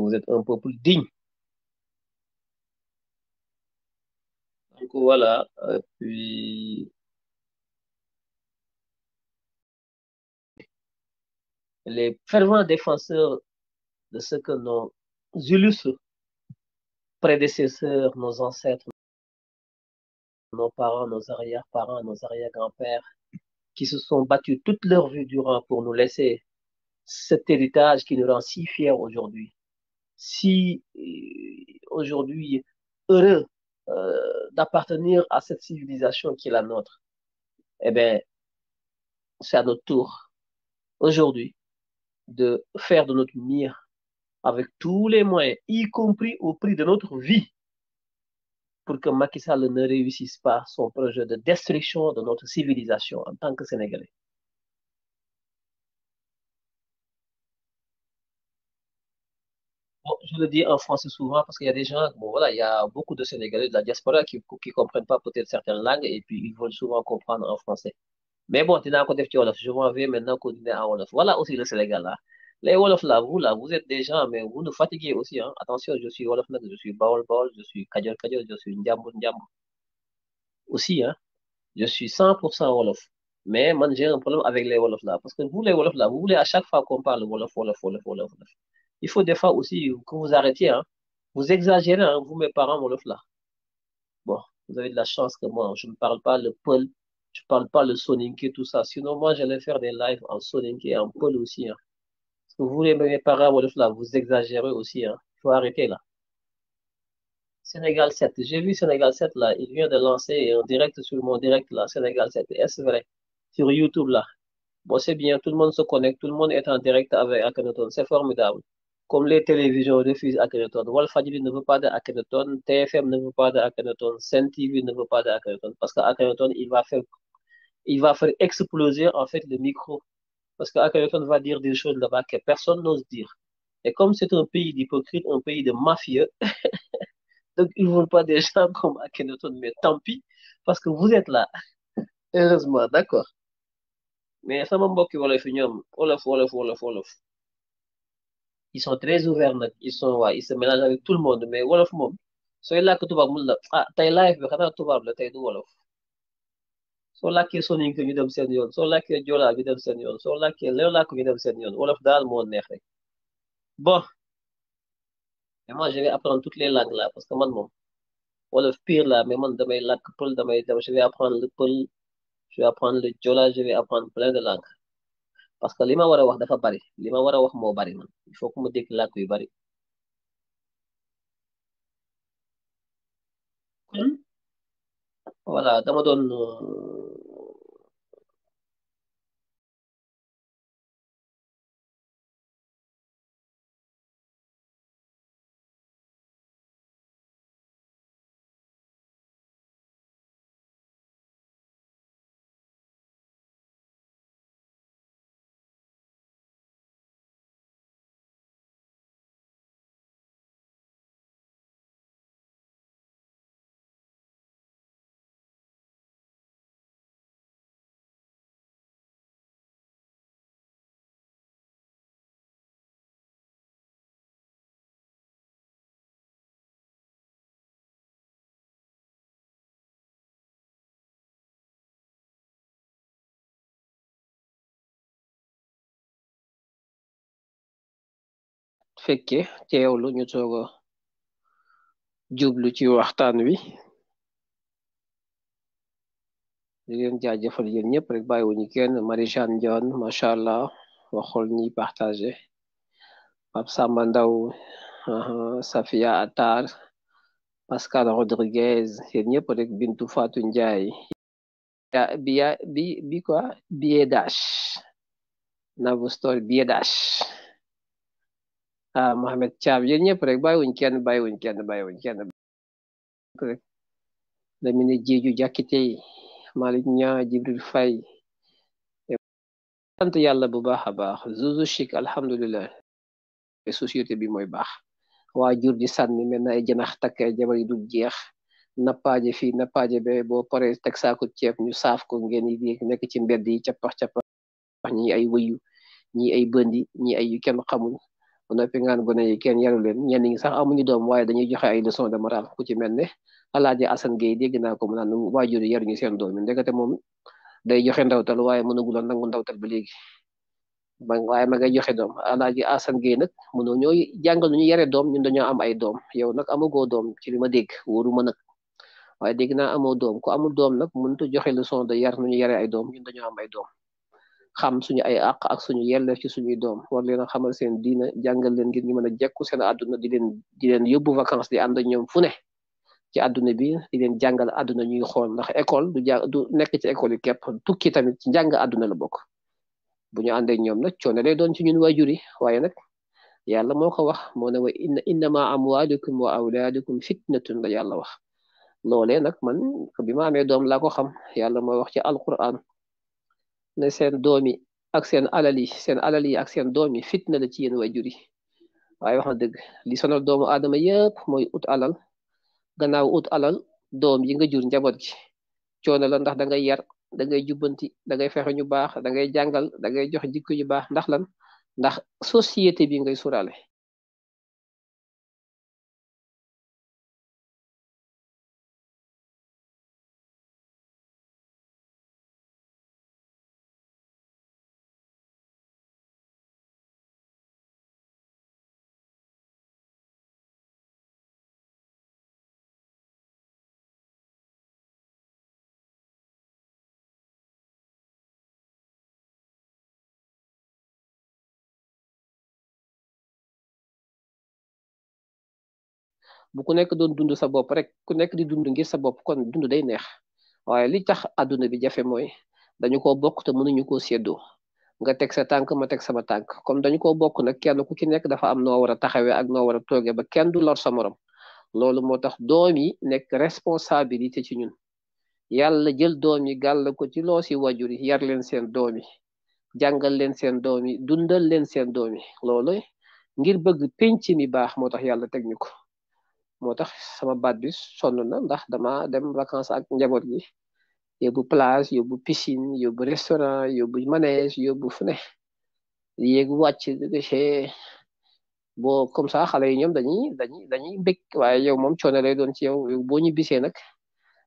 A: vous êtes un peuple digne.
B: Donc voilà, Et euh, puis les fervents défenseurs de ce que nos illustres prédécesseurs, nos ancêtres, nos parents, nos arrière-parents, nos arrière-grands-pères, qui se sont battus toute leur vie durant pour nous laisser cet héritage qui nous rend si fiers aujourd'hui si euh, aujourd'hui heureux euh, d'appartenir à cette civilisation qui est la nôtre, eh bien, c'est à notre tour aujourd'hui de faire de notre mieux avec tous les moyens, y compris au prix de notre vie, pour que Macky Sall ne réussisse pas son projet de destruction de notre civilisation en tant que Sénégalais. je le dis en français souvent parce qu'il y a des gens, bon voilà, il y a beaucoup de Sénégalais de la diaspora qui ne comprennent pas peut-être certaines langues et puis ils veulent souvent comprendre en français. Mais bon, tu n'as Wolof, je m'en vais maintenant continuer à Wolof. Voilà aussi le Sénégal là. Hein. Les Wolof là, vous là, vous êtes des gens, mais vous nous fatiguez aussi. Hein. Attention, je suis Wolof, je suis Baol Baol, je suis Kadjol Kadjol, je suis Ndiambo Ndiambo. Aussi, hein. Je suis 100% Wolof. Mais moi, j'ai un problème avec les Wolof là. Parce que vous, les Wolof là, vous voulez à chaque fois qu'on parle Wolof, Wolof, Wolof, Wolof, Wolof il faut des fois aussi que vous arrêtiez. Hein. Vous exagérez, hein, vous, mes parents, mon là. Bon, vous avez de la chance que moi, je ne parle pas le Paul, je ne parle pas le Soninké, tout ça. Sinon, moi, j'allais faire des lives en et en Paul aussi. Hein. vous que vous, mes parents, mon là, vous exagérez aussi. Hein. Il faut arrêter là. Sénégal 7. J'ai vu Sénégal 7 là. Il vient de lancer en direct sur mon direct là, Sénégal 7. Est-ce vrai? Sur YouTube là. Bon, c'est bien. Tout le monde se connecte. Tout le monde est en direct avec Akhenaton. C'est formidable comme les télévisions refusent Akhenaton, Walfadjili ne veut pas d'Akhenaton. TFM ne veut pas d'Akhenaton. Akhenaton, TV ne veut pas d'Akhenaton. parce qu'Akhenaton, il va faire, il va faire exploser, en fait, le micro. Parce qu'Akhenaton va dire des choses là-bas que personne n'ose dire. Et comme c'est un pays d'hypocrites, un pays de mafieux, donc ils ne veulent pas des gens comme Akhenaton, mais tant pis, parce que vous êtes là. Heureusement, d'accord. Mais ça m'a beaucoup, voilà, fini, Olaf, olaf, olaf, wolof ils sont très ouverts ils sont waa ils se mélangent avec tout le monde mais wolof mom soy làkk tubaab mun la ah tay live bi xanaa tubaab la tay du wolof soo làkkee soninke ñu dem sen yoon soo làkkee jola bi dem sen yoon soo làkkee loo làkk ñu dem sen yoon wolof dal mo neex rek bon mais moi je vais apprendre toutes les langues là parce que man mom wolof pire là mais man damay làkk pël damay dem je vais apprendre le pël je vais apprendre le jola je vais apprendre plein de langues parce que li ma war a wax dafa bari li ma war a wax moo bari man il faut que ma dégg yu bari kon voilà dama doon
A: euh,
B: fekke teewlu ñu soogo jublu ci waxtaan wi di leen jaajëfal yéen ñëpp rek bàyyi wuñu kenn Marie-Jeanne Ndione macha allah waxul ñi partagé Pape Samba Ndaw Safia Attar Pascal Rodriguez yéen ñëpp rek Bintu Fatou Ndiaye bi bi bi quoi biedash navu store biedash ah Mohamed Thiam yéen ñëpp rek bàyyiwuñ kenn bàyyiwuñ kenn bàyyiwuñ kenn rek Lamine Diédhiou jàkkite yi Malick Niang Jibril Faye sant yàlla bu baax a baax Zouzou Chic alhamdulilah société bi mooy baax waa jur di sànni mel na ay janax takk ay jabar yi dul jeex nappaaje fii nappaaje be pare teg saako ceeb ñu saaf ko ngeen yi nekk ci mbedd yi cappax cappax ñi ay wëyu ñi ay bëndi ñi ay yu kenn ba noppi ngaan gone yi kenn yaru leen ñenn ñi sax amuñu doom waaye dañuy joxe ay leçon de morale ku ci mel ne alaaji Assane Gueye dégg naa ko mu naan waajur yi yaruñu seen doom yi ndekete moom day joxe ndawtal waaye mënagul a nangu ndawtal ba léegi man waaye ma ngay joxe doom alaaji Assane Gueye nag mënoo ñoo jàngal ñu yare doom ñun dañoo am ay doom yow nag amagoo doom ci li ma dégg wóoruma nag waaye dégg naa amoo doom ku amul doom nag mënut a joxe leçon de yar nu ñu yare ay doom ñun dañoo am ay doom xam suñu ay àq ak suñu yelleef ci suñuy doom war leen a xamal seen diina jàngal leen ngir ñu mën a jekku seen àdduna di leen di leen yóbbu vacances di ànd ñoom fu ne ci àdduna bi di leen jàngal àdduna ñuy xool ndax école du du nekk ci école yi képp tukki tamit ci njàng àdduna la bokk bu ñu àndee ñoom nag coono lay doon ci ñun waajur yi waaye nag yàlla moo ko wax moo ne wa inna innama amwaalukum wa awlaadukum fitnatun la yàlla wax loolee nag man bi ma amee doom laa ko xam yàlla mooy wax ci alquran ne seen doom yi ak seen alal seen alal yi ak seen doom yi na la ci yéen wayjur yi waaye wax na dëgg li sonal doomu aadama yëpp mooy ut alal gannaaw ut alal doom yi nga jur njaboot gi coono la ndax dangay ngay yar da ngay jubbanti da ngay fexe ñu baax da ngay jàngal da ngay jox jikko yu baax ndax lan ndax
A: société bi ngay suuraale bu ku nekk doon
B: dund sa bopp rek ku nekk di dund ngir sa bopp kon dund day neex waaye li tax àdduna bi jafe mooy dañu ko bokk te mënuñu koo séddoo nga teg sa tànk ma teg sama tànk comme dañu ko bokk nag kenn ku ci nekk dafa am noo war a taxawee ak noo war a toogee ba kenn du lor sa morom loolu moo tax doom yi nekk responsabilité ci ñun yàlla jël doom yi gàll ko ci loo si wajur yi yar leen seen doom yi jàngal leen seen doom yi dundal leen seen doom yi loolu ngir bëgg penc mi baax moo tax yàlla teg ñu ko. moo tax sama baat bi sonn na ndax dama dem vacances ak njaboot gi yóbbu plage yóbbu piscine yóbbu restaurant yóbbu manège yóbbu fu ne yéegu wàcc boo comme ça xale yi ñoom dañuy dañuy dañuy bëgg waaye yow moom coono lay doon ci yow boo ñu bisee nag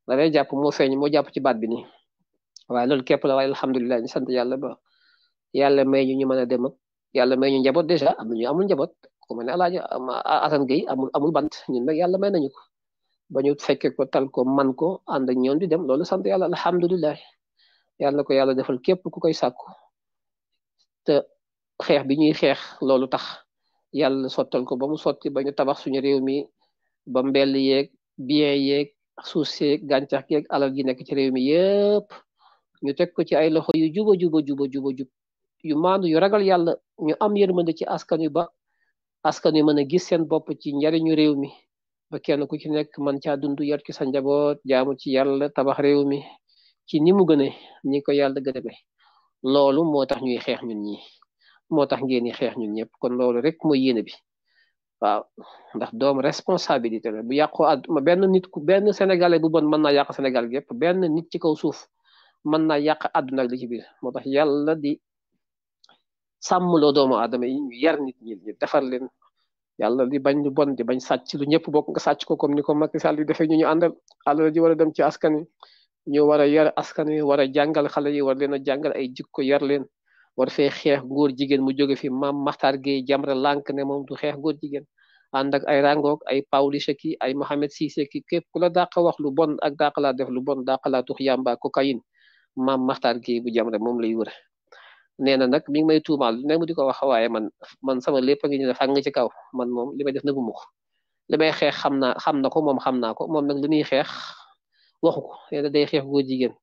B: da lay jàpp moo feeñ moo jàpp ci baat bi nii waaye loolu képp la waaye alhamdulilah ñu sant yàlla ba yàlla may ñu ñu mën a dem ak yàlla may ñu njaboot dèjà am na ñu amul njaboot ku mel ne alaaji asan gay amul amul bant ñun nag yàlla may nañu ko ba ñu fekke ko tal ko man ko ànd ak di dem loolu sant yàlla alhamdulilah yàlla ko yàlla defal képp ku koy sàkku te xeex bi ñuy xeex loolu tax yàlla sottal ko ba mu sotti ba ñu tabax suñu réew mi ba mbell yeeg bien yeeg suuf seeg gàncax geeg alal gi nekk ci réew mi yépp ñu teg ko ci ay loxo yu juba juba juba juba jub yu maandu yu ragal yàlla ñu am yërmande ci askan yu ba que wi mën a gis seen bopp ci njariñu réew mi ba kenn ku ci nekk man caa dund yar ci sa njaboot jaamu ci yàlla tabax réew mi ci ni mu gëne ni ko yàlla ga a loolu moo tax ñuy xeex ñun ñi moo tax ngeen di xeex ñun ñëpp kon loolu rek mooy yéene bi waaw ndax doom responsabilité la bu yàqoo àdduna benn nit ku benn sénégalais bu bon mën naa yàq Sénégal gépp benn nit ci kaw suuf mën naa yàq àdduna ak li ci biir moo tax yàlla di sàmmloo doomu aadama yi ñu yar nit ñi ñu defar leen yàlla di bañ lu bon di bañ sàcc lu ñëpp bokk nga sàcc ko comme ni ko Macky Sall di defee ñu ñu àndal ji war dem ci askan wi ñu war yar askan wi war a jàngal xale yi war leen a ay jikko yar leen war fee xeex góor jigéen mu jóge fi maam Maxtaar Gueye Jamra lànk ne moom du xeex góor jigéen ànd ak ay rangok ay pawli ki ay mohammed Cissé ki képp ku la dàq wax lu bon ak dàq laa def lu bon dàq laa tux cocaïne maam Maxtaar bu Jamra moom lay nee na nag mi ngi may tuumaal lu ne mu di ko wax waaye man man sama lépp a ngi ñu ne fàng ci kaw man moom li may def nëbbu ko li may xeex xam naa xam na ko moom xam naa ko moom nag li muy xeex waxu ko nee na day xeex góor jigéen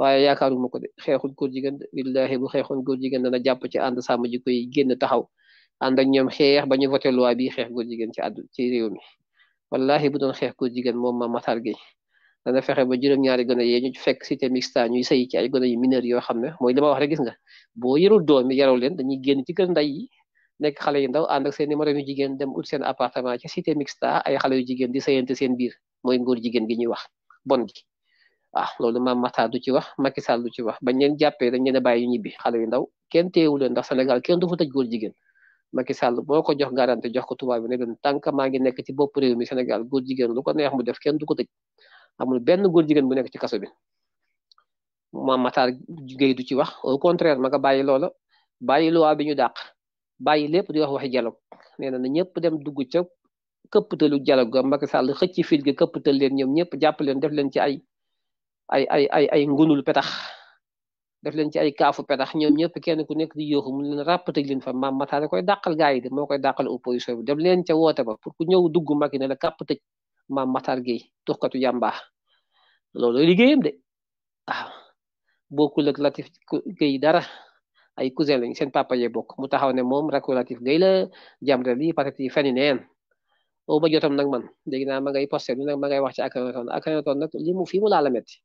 B: waaye yaakaaru ko de xeexul góor jigéen billahi bu xeexoon góor jigéen dana jàpp ci ànd sàmm ji koy génn taxaw ànd ak ñoom xeex ba ñu voté loi bi xeex góor jigéen ci àddu ci réew mi wallahi bu doon xeex góor jigéen moom ma Matar Gueye dana fexe ba juróom-ñaari gone yee ñu fekk cité mixta ñuy sëy ci mineur yoo xam ne mooy li ma wax rek gis nga boo yarul doom yi yarul leen dañuy génn ci kër nday nekk xale yu ndaw ànd ak seen numéro yu jigéen dem seen appartement ci cité mixta ay xale jigéen di sëyante seen biir mooy ngóor jigéen gi ñuy wax bon gi ah loolu maam Matar du ci wax Macky Sall du ci wax bañ leen jàppee dañ leen a bàyyi ñu ñibbi xale yu ndaw kenn tewu leen ndax Sénégal kenn du fa tëj góor jigéen Macky Sall boo ko jox garante jox ko tubaab bi ne leen tànk maa ngi nekk ci bopp réew mi Sénégal góor jigéen lu ko neex mu def kenn du ko tëj amul benn góor jigéen bu nekk ci kaso bi ma Matar Gueye du ci wax au contraire ma nga bàyyi loola bàyyi loi bi ñu dàq bàyyi lépp di wax waxi dialogue nee na na ñëpp dem dugg ca këpptalu dialogue ga Macky Sall xëcc fil gi këpptal leen ñoom ñëpp jàpp leen def leen ci ay ay ay ay ay ngunul petax def leen ci ay kaafu petax ñoom ñëpp kenn ku nekk di yooxu mu leen ràppatëj leen fa maam Matar koy dàqal gars yi de moo koy dàqal opposition bi dem leen ca woote ba pour ku ñëw dugg Macky ne la kàpp maam Matar Gueye tuxkatu yàmba loolu liggéeyam de waaw bokkul ak Latif Gueye dara ay cousin lañ sen papa yee bokk mu taxaw ne moom rakku Latif Gueye la Jamra li patati feni neen o ma jotam nag man léegi naa ma ngay posté lu nag ma ngay wax ci Akhenaton Akhenaton nag li mu fi mu laal a métti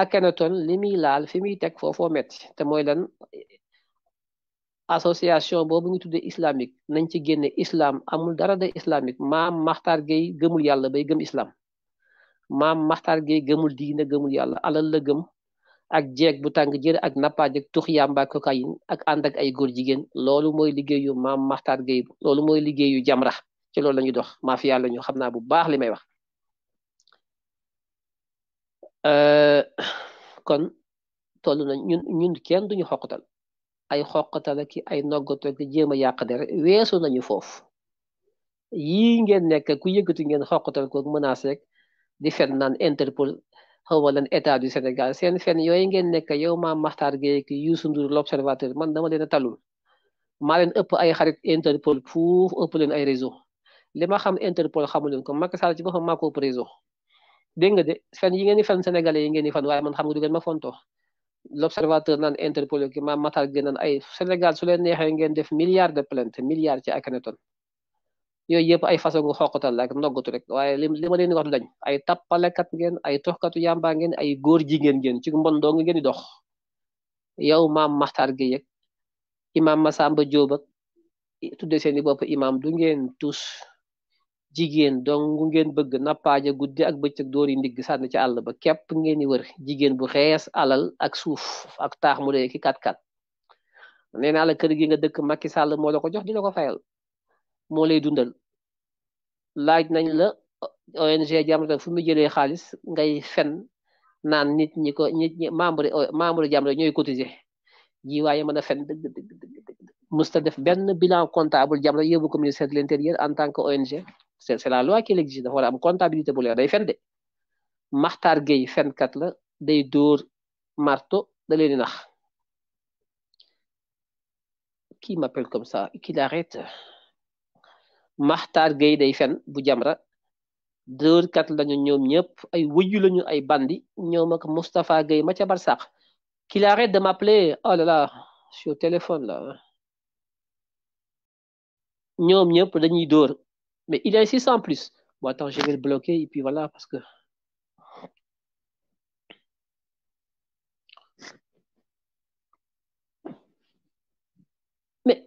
B: Akhenaton li muy laal fi muy teg foofoo métti te mooy lan association boobu ñu tuddee islamique nañ ci génne islam amul dara de islamique maam Maxtaar Gueye gëmul yàlla bay gëm islam maam Maxtaar Gueye gëmul diina gëmul yàlla alal la ak jeeg bu tàng jër ak nappaaj ak tux yàmba ak ak ànd ak ay góor jigéen loolu mooy liggéeyu maam Maxtaar Gueye loolu mooy liggéeyu jamra ci loolu la ñuy dox mafia la ñu xam naa bu baax li may wax euh, kon toll nañ ñun ñun kenn duñu xoqatal ay xoqatal ki ay noggatoo ak jéem a yàq der weesu nañu foofu yii ngeen nekk ku yëkkati ngeen xoqatal ko menace rek di fen naan Interpol xawma leen état du Sénégal seen fen yooyu ngeen nekk yow Mame Makhtar Gueye ki Youssou Ndour l'observateur man dama leen a talul maa leen ëpp ay xarit Interpol fuuf ëpp leen ay réseau li ma xam Interpol xamu leen ko Macky Sall ci boppam maa ko ëpp réseau dégg nga de fen yi ngeen fen sénégalais yi ngeen fan waaye man xam nga du ngeen ma fontoo l'observateur naan Interpol ki maam Matar Gueye naan ay Sénégal su leen ngeen def milliards de plainte milliards ci Akhenaton yooyu yëpp ay façon nga xoqatal ak noggatu rek waaye li lima ma leen wax dañ ay tappalekat ngeen ay toxkatu yàmbaa ngeen ay góor jigéen ngeen ci mbon doo ngeen di dox yow maam Matar Gueye ak imaam Masamba Diop ak tudde seeni bopp imaam du ngeen tous jigéen dong ngeen bëgg nappaaja gudde ak bëccëg door yi ndigg sànni ci àll ba képp ngeen di wër jigéen bu xees alal ak suuf ak taax mu dee ki kat-kat nee naa la kër gi nga dëkk Macky Sall moo la ko jox di la ko fayal moo lay dundal laaj nañ la ONG Jamra fu mu jëlee xaalis ngay fen naan nit ñi ko nit ñi membre membre Jamra ñooy cotiser ji waaye mën a fen dëgg musta def benn bilan comptable Jamra yóbbu ko ministère de l'intérieur en tant que ONG c'est c'est la loi qui l'exige dafa comptabilité bu leer day fen de Maxtaar Gueye fenkat la day dóor marto da leen di nax qui comme ça qu'il arrête Maxtaar day fen bu jamra dóorkat lañu ñoom ñëpp ay wëju lañu ay bandi ñoom ak Moustapha Gueye ma ca barsàq qu'il arrête de m'appeler oh là téléphone là ñoom ñëpp dañuy dóor Mais il a ça en plus. Bon, attends, je vais le bloquer et puis voilà, parce que. Mais.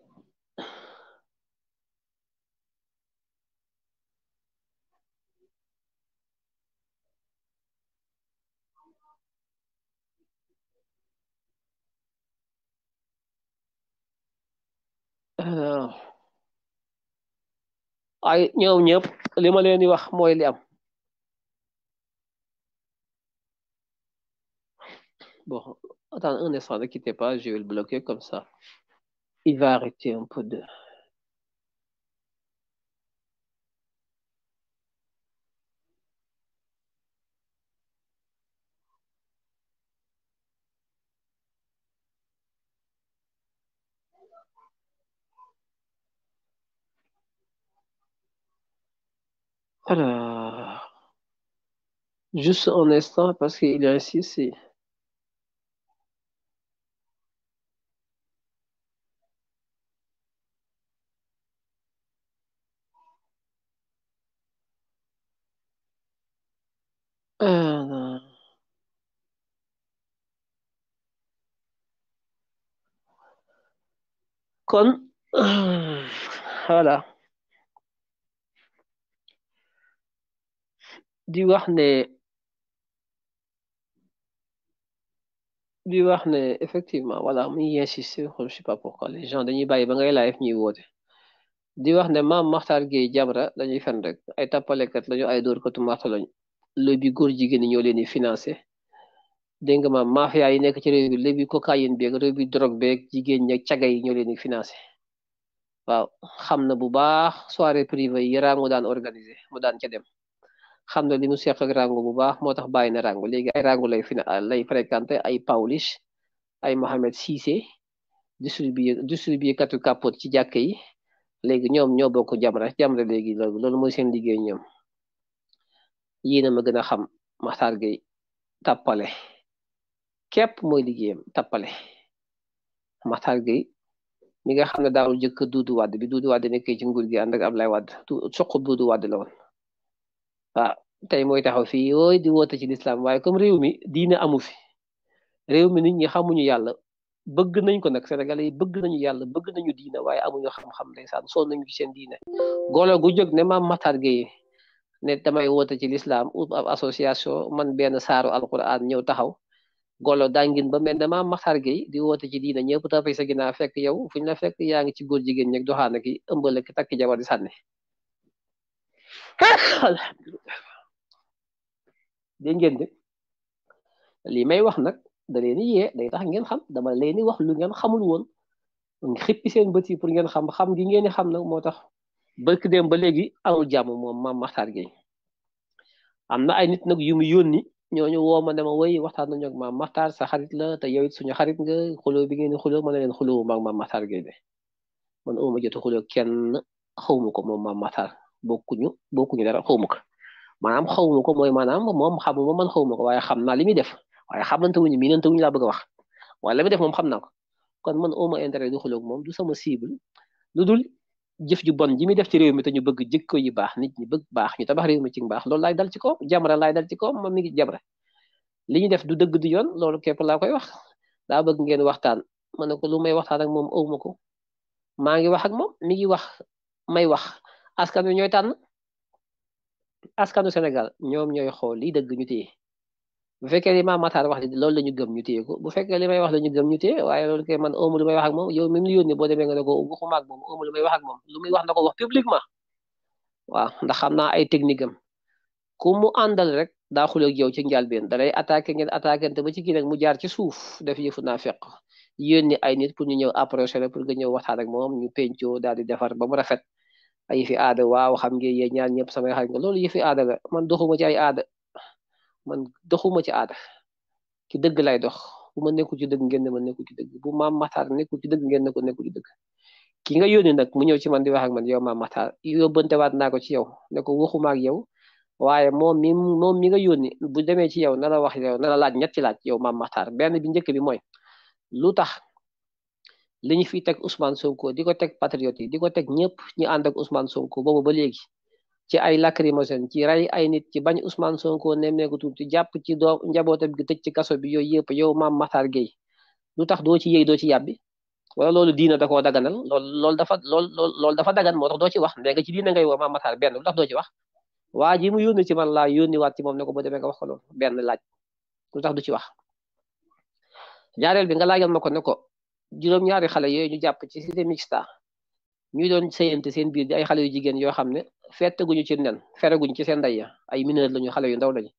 B: Alors bon attends, un instant ne quittez pas je vais le bloquer comme ça il va arrêter un peu de
A: Alors,
B: juste un instant parce qu'il a ici, c'est. Con. Voilà. di wax ne di wax ne effectivement voilà muy insister xool je sais pas pourquoi les gens dañuy bàyyi ba ngay live ñuy woote di wax ne maam Maxtaar Gueye Jamra dañuy fen rek ay tappalekat lañu ay dóorkatu marto lañu lobby góor jigéen ñi ñoo leen di financé dégg nga maam mafia yi nekk ci réew bi lobby cocaïne beeg lobby drogue beeg jigéen ñi ak caga yi ñoo leen di financé waaw xam na bu baax soirée privée yi Yara mu daan organisé mu daan ca dem. xam na li nu seq rango bu baax moo tax bàyyi na rango léegi ay rango lay fina lay fréquenté ay Pawlish ay Mohamed Cissé distribué distribué katu kàppoot ci jàkk yi léegi ñoom ñoo bokk Jamra Jamra léegi loolu loolu mooy seen liggéey ñoom yéena ma gën a xam Makhtar Gueye tàppale képp mooy liggéeyam tàppale Makhtar Gueye mi nga xam ne daawul jëkk Doudou waad bi Doudou Wade nekkee ci nguur gi ànd ak Abdoulaye Wade soqub Doudou Wade la woon waaw tey mooy taxaw fii yooyu di woote ci lislaam waaye comme réew mi diine amu fi réew mi nit ñi xamuñu yàlla bëgg nañ ko nag sénégalais yi bëgg nañu yàlla bëgg nañu diine waaye amuñu xam-xam ndeysaan soo nañu ci seen diine golo gu jóg ne maam Matar Gueye ne damay woote ci lislaam u ab association man benn saaru alquran ñëw taxaw golo dangin ba mel ne maam Matar Gueye di woote ci diine ñëpp toppee sa ginnaaw fekk yow fu ñu la fekk yaa ngi ci góor jigéen ñeg doxaan ki ëmbal ki takki jabar di sànni de dégg ngeen de lii may wax nag da leen yee day tax ngeen xam dama leen wax lu ngeen xamul woon xippi seen bët yi pour ngeen xam xam gi ngeen xam nag moo tax ba dem ba léegi amul jàmm moom mam Maxtaar Gueye am na ay nit nag yu mu yónni ñooñu woo ma dama woy waxtaan nañu ak maam Maxtaar sa xarit la te yow it suñu xarit nga xuloo bi ngeen di xuloo ma ne leen xuloo maag maam Maxtaar Gueye de man uma jot a xuloo kenn xawma ko moom maam Maxtaar bokkuñu bokkuñu dara xawma ko maanaam xawma ko mooy maanaam moom xamuma man xawma ko waaye xam naa li muy def waaye xamante wuñu miinante wuñu laa bëgg a wax waaye la muy def moom xam naa ko kon man oma intérêt du xuloog moom du sama cible lu dul jëf ju bon ji muy def ci réew mi te ñu bëgg jikko yi baax nit ñi bëgg baax ñu tabax réew mi ci baax loolu lay dal ci ko jamra dal ci ko moom mi ngi jamra li ñu def du dëgg du yoon loolu képp laa koy wax daa bëgg ngeen waxtaan ma ne ko lu may waxtaan ak moom awma ko maa ngi wax ak moom mi ngi wax may wax askan wi ñooy tànn askanu Sénégal ñoom ñooy xool lii dëgg ñu téye bu fekkee li ma Matar wax loolu la ñu gëm ñu téye bu fekkee li may wax la ñu gëm ñu téye waaye loolu kay man amu lu may wax ak moom yow demee nga ne ko waxuma ak moom amu lu wax ak muy wax na ko wax publiquement waaw ndax xam naa ay technique am ku mu àndal rek daa xuloo ak ci ci njàlbeen dalay attaqué ngeen attaqué te ba ci kii nag mu jaar ci suuf def yëfu naa feq yónni ay nit pour ñu ñëw approché la pour ñëw waxtaan ak moom ñu pencoo daal di defar ba mu rafet ay yëfi aada waaw xam ngeen yéen ñaar ñëpp samay xarit nga loolu yëfi aada la man doxuma ci ay aada man doxuma ci aada ci dëgg lay dox bu ma nekkul ci dëgg ngen ne ma nekkul ci dëgg bu maam Maxtaar nekkul ci dëgg ngeen ne ko nekkul ci dëgg ki nga yónni nag mu ñëw ci man di wax ak man yow maam Maxtaar yóbbantewaat naa ko ci yow ne ko waxuma ak yow waaye moom mi moom mi nga yónni bu demee ci yow na la wax yow na la laaj ñetti laaj yow maam Maxtaar benn bi njëkk bi mooy lu tax li ñu fi teg Ousmane Sonko di ko teg patriote yi di ko teg ñëpp ñu ànd ak Sonko boobu ba léegi ci ay lacrymogène ci rey ay nit ci bañ Ousmane Sonko nemmeekutul ci jàpp ci doom njabootam gi tëj ci kaso bi yooyu yëpp yow maam Matar Gueye lu tax doo ci yëy doo ci bi wala loolu diina da koo daganal loolu loolu dafa loolu loolu dafa dagan moo tax ci wax ndé nga ci diina ngay wo maam Matar benn lu tax doo ci wax waa ji mu yónni ci man laa yónni ci moom ne ko boo demee wax ko loolu benn laaj lu tax du ci wax bi nga laajal ma ko ne ko juróom xale yooyu ñu jàpp ci cité mixta ñuy doon sëyante seen biir ay xale yu jigéen yoo xam ne fettaguñu ci nen fereguñ ci seen nday ya ay mineur lañu xale yu ndaw lañu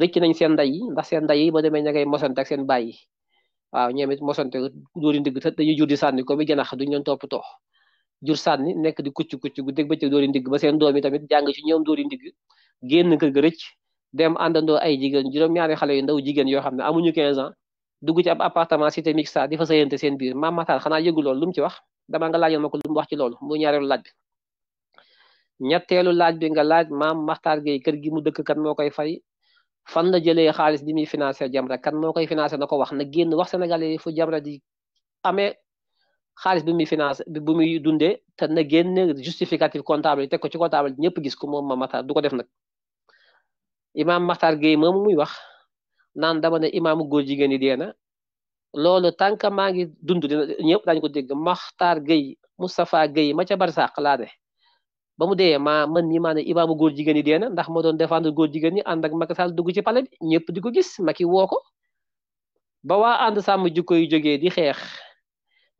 B: rëcc nañ seen nday ndax seen nday yi ba demee ña ngay mosante ak seen bàyyi waaw ñoom it mosante dóori ndigg te dañuy jur di sànni ko bi janax duñ leen toppatoo jur sànni nekk di kucc kucc bu dégg bëccëg dóori ndigg ba seen doom yi tamit jàng ci ñoom doori ndigg génn kër ga rëcc dem àndandoo ay jigéen juróom-ñaari xale yu ndaw jigéen yoo xam ne amuñu 15 ans dugg ci ab appartement cité mixa di fa sëyante seen biir maam Matar xanaa yëgu loolu lu mu ci wax dama nga laajoon ma ko lu mu wax ci loolu muy ñaareelu laaj bi ñetteelu laaj bi nga laaj maam Matar Gueye kër gi mu dëkk kan moo koy fay fan la jëlee xaalis bi muy financé Jamra kan moo koy financé na ko wax na génn wax Sénégalais yi fu Jamra di amee xaalis bi muy financé bu muy dundee te na génn justificatif comptable yi teg ko ci comptable ñëpp gis ko moom maam Matar du ko def nag imaam Matar Gueye moomu muy wax. naan dama ne imaamu góor jigéen yi dee na loolu tànk maa ngi dund ñëpp daañu ko dégg Maxtaar Gueye Moustapha Gueye ma ca barsàq laa ba mu dee maa man ñi maa ne imaamu góor jigéen yi dee na ndax ma doon défendre góor jigéen ñi ànd ak Macky Sall dugg ci ñëpp di ko gis Macky woo ko ba ànd sàmm jikko yu jógee di xeex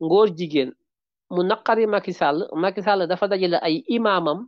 B: ngóor jigéen mu naqari maki Sall maki Sall dafa dajale ay imaamam